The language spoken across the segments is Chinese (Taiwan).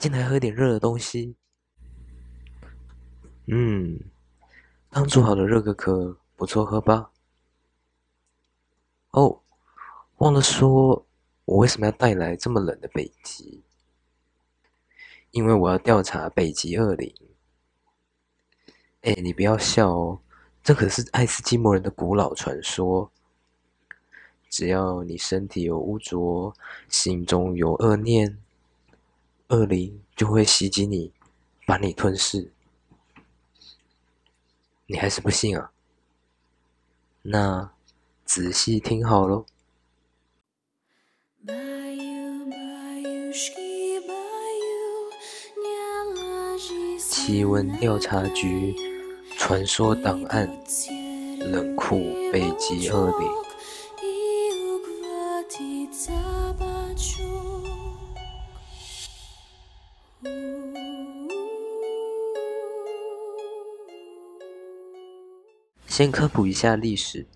進來喝點熱的東西。嗯，剛煮好的熱可可，不錯喝吧？哦，忘了說，我為什麼要帶來這麼冷的北極？因為我要調查北極惡靈。哎，你不要笑哦，這可是愛斯基摩人的古老傳說。只要你身體有污濁，心中有惡念，惡靈就會襲擊你，把你吞噬。你還是不信啊？那仔細聽好嘍。奇聞調查局傳說檔案：冷酷北極惡靈。先科普一下歷史：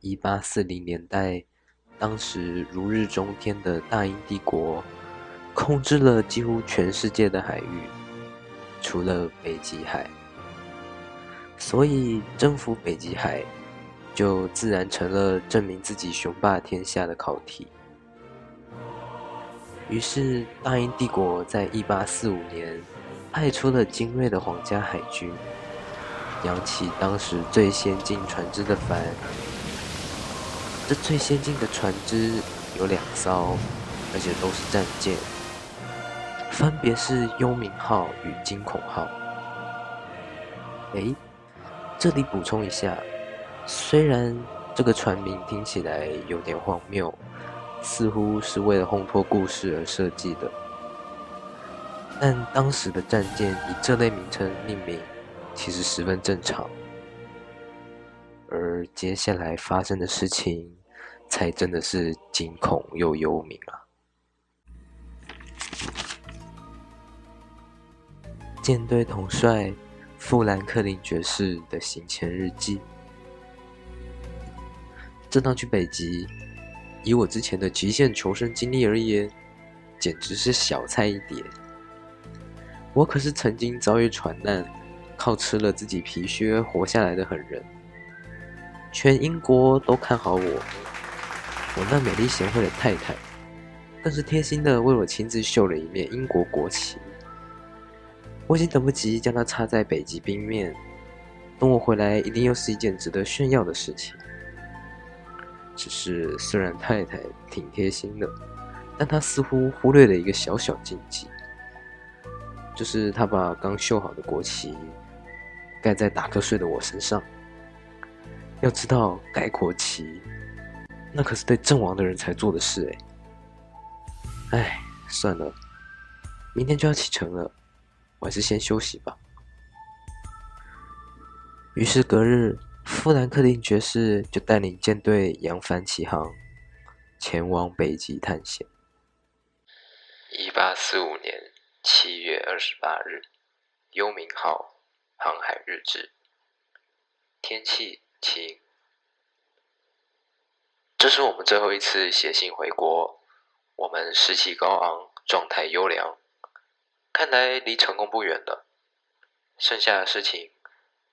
一八四零年代，當時如日中天的大英帝國控制了幾乎全世界的海域，除了北極海。所以，征服北極海就自然成了證明自己雄霸天下的考題。於是，大英帝國在一八四五年派出了精銳的皇家海軍。揚起當時最先進船只的帆。這最先進的船只有兩艘，而且都是戰艦，分別是幽冥號與驚恐號。誒，這裡補充一下，雖然這個船名聽起來有點荒謬，似乎是為了烘托故事而設計的，但當時的戰艦以這類名稱命名。其實十分正常，而接下來發生的事情才真的是驚恐又幽冥啊！艦隊統帥富蘭克林爵士的行前日記：這趟去北極，以我之前的極限求生經歷而言，簡直是小菜一碟。我可是曾經遭遇船難。靠吃了自己皮靴活下來的狠人，全英國都看好我，我那美麗賢惠的太太，更是貼心的為我親自繡了一面英國國旗。我已經等不及將它插在北極冰面，等我回來一定又是一件值得炫耀的事情。只是雖然太太挺貼心的，但她似乎忽略了一個小小禁忌，就是她把剛繡好的國旗，蓋在打瞌睡的我身上。要知道，蓋國旗，那可是對陣亡的人才做的事哎。哎，算了，明天就要啟程了，我還是先休息吧。於是隔日，富蘭克林爵士就帶領艦隊揚帆起航，前往北極探險。一八四五年七月二十八日，幽冥號。航海日誌，天氣晴。這是我們最後一次寫信回國，我們士氣高昂，狀態優良，看來離成功不遠了。剩下的事情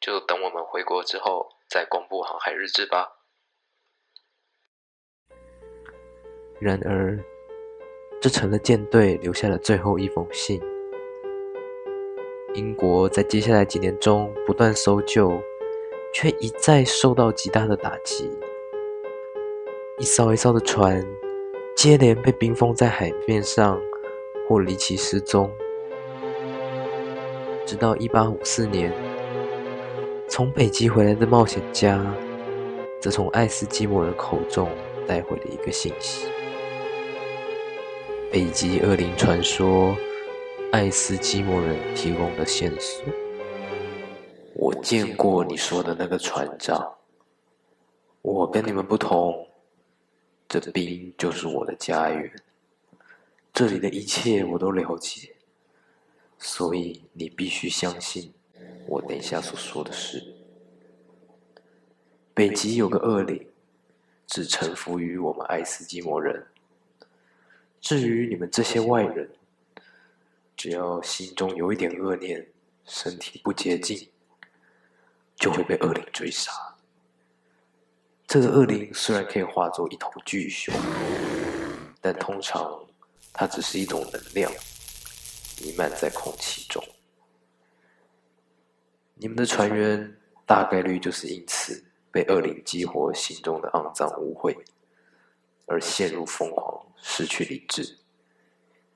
就等我們回國之後再公布航海日誌吧。然而，這成了艦隊留下的最後一封信。英國在接下來幾年中不斷搜救，卻一再受到極大的打擊。一艘一艘的船接連被冰封在海面上，或離奇失蹤。直到1854年，從北極回來的冒險家則從愛斯基摩人口中帶回了一個信息：北極惡靈傳說。愛斯基摩人提供的線索。我見過你說的那個船長。我跟你們不同，這冰就是我的家園。這裡的一切我都了解，所以你必須相信我等一下所說的事。北極有個惡靈，只臣服於我們愛斯基摩人。至於你們這些外人。只要心中有一點惡念，身體不潔淨，就會被惡靈追殺。這個惡靈雖然可以化作一頭巨熊，但通常它只是一種能量，彌漫在空氣中。你們的船員大概率就是因此被惡靈激活心中的骯髒污穢，而陷入瘋狂，失去理智。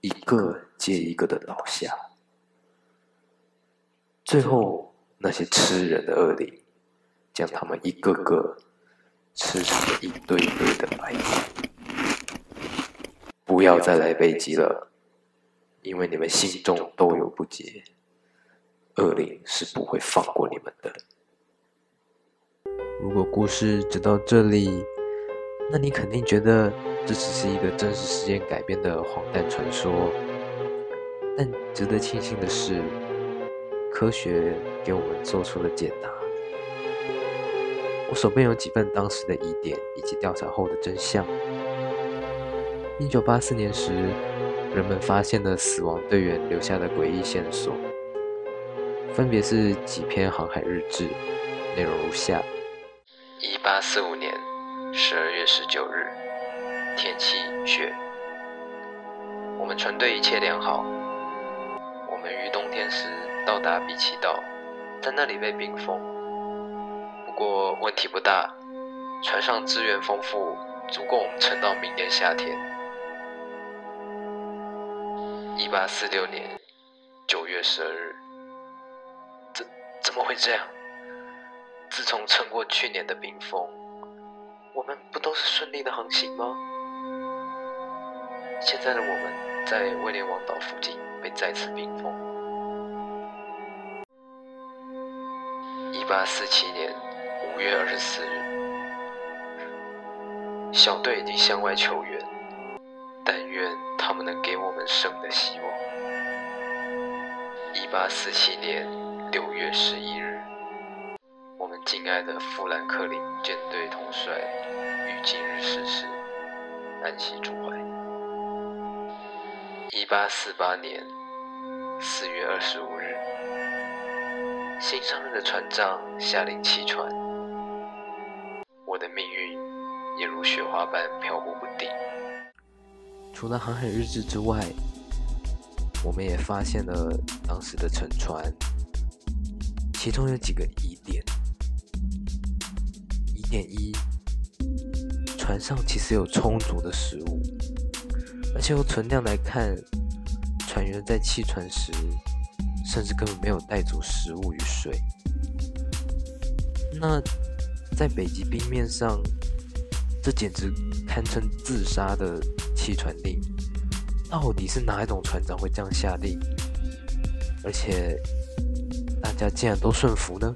一個。接一個的倒下，最後那些吃人的惡靈，將他們一個個吃成一堆堆的白骨。不要再來北極了，因為你們心中都有不潔。惡靈是不會放過你們的。如果故事只到這裡，那你肯定覺得這只是一個真實事件改編的荒誕傳說。但值得慶幸的是，科學給我們做出了解答。我手邊有幾份當時的疑點以及調查後的真相。1984年時，人們發現了死亡隊員留下的詭異線索，分別是幾篇航海日誌，內容如下：1845年12月19日，天氣雪，我們船隊一切良好。我們於冬天時到達比奇島，在那裡被冰封。不過問題不大，船上資源豐富，足夠我們撐到明年夏天。一八四六年九月十二日，怎怎麼會這樣？自從撐過去年的冰封，我們不都是順利的航行嗎？現在的我們在威廉王島附近。被再次冰封。一八四七年五月二十四日，小隊已經向外求援，但願他們能給我們生的希望。一八四七年六月十一日，我們敬愛的富蘭克林艦隊統帥於今日逝世，安息主懷。一八四八年四月二十五日，新上任的船長下令棄船，我的命運也如雪花般漂泊不定。除了航海日志之外，我們也發現了當時的沉船，其中有幾個疑點：疑點一，船上其實有充足的食物。而且從存量來看，船員在棄船時，甚至根本沒有帶走食物與水。那在北極冰面上，這簡直堪稱自殺的棄船令。那到底是哪一種船長會這樣下令？而且大家竟然都順服呢？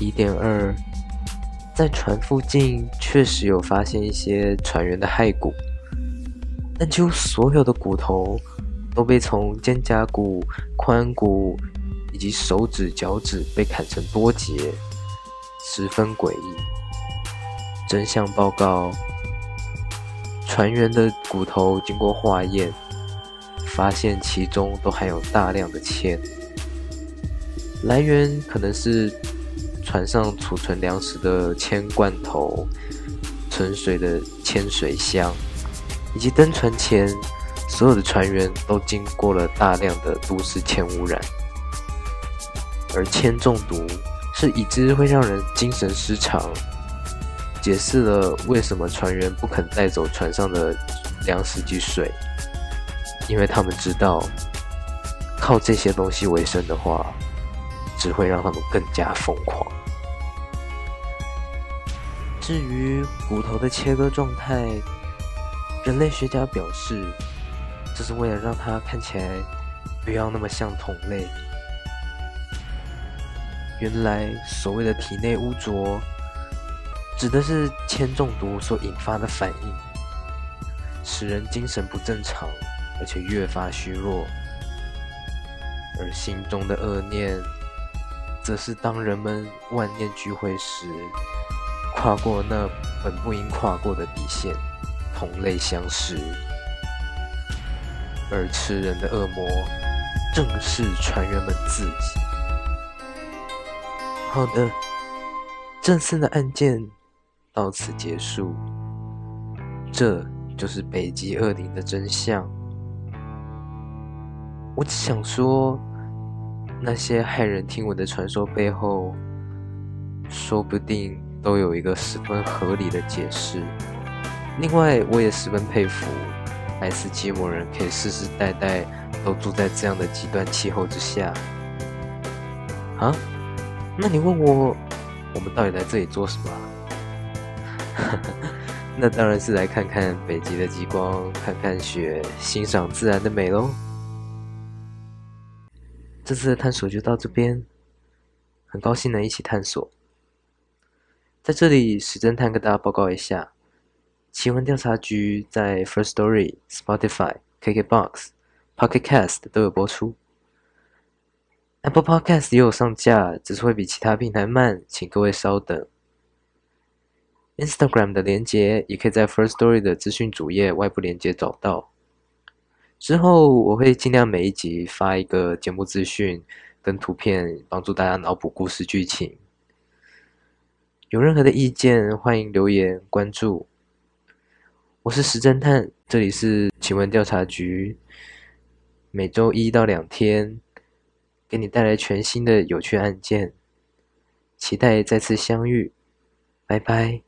疑點二，在船附近確實有發現一些船員的骸骨，但幾乎所有的骨頭都被從肩胛骨，髖骨以及手指、腳趾被砍成多節，十分詭異。真相報告：船員的骨頭經過化驗，發現其中都含有大量的鉛，來源可能是。船上儲存糧食的鉛罐頭、存水的鉛水箱，以及登船前，所有的船員都經過了大量的都市鉛污染。而鉛中毒是已知會讓人精神失常，解釋了為什麼船員不肯帶走船上的糧食及水，因為他們知道靠這些東西為生的話，只會讓他們更加瘋狂。至於骨頭的切割狀態，人類學家表示，這是為了讓它看起來不要那麼像同類。原來所謂的體內污濁，指的是鉛中毒所引發的反應，使人精神不正常，而且越發虛弱。而心中的惡念，則是當人們萬念俱灰時。跨過那本不應跨過的底線，同類相食，而吃人的惡魔正是船員們自己。好的，這次的案件到此結束。這就是北極惡靈的真相。我只想說，那些駭人聽聞的傳說背後，說不定。都有一個十分合理的解釋。另外，我也十分佩服愛斯基摩人可以世世代代都住在這樣的極端氣候之下。啊？那你問我，我們到底來這裡做什麼？啊？ 那當然是來看看北極的極光，看看雪，欣賞自然的美嘍。這次的探索就到這邊，很高興能一起探索。在這裡，史偵探跟大家報告一下，奇聞調查局在 First Story、Spotify、KKBOX、Pocket Cast 都有播出，Apple Podcast 也有上架，只是會比其他平台慢，請各位稍等。Instagram 的連接也可以在 First Story 的資訊主頁外部連接找到。之後我會盡量每一集發一個節目資訊跟圖片，幫助大家腦補故事劇情。有任何的意見，歡迎留言關注。我是石偵探，這裡是請問調查局。每周一到兩天，給你帶來全新的有趣案件，期待再次相遇。拜拜。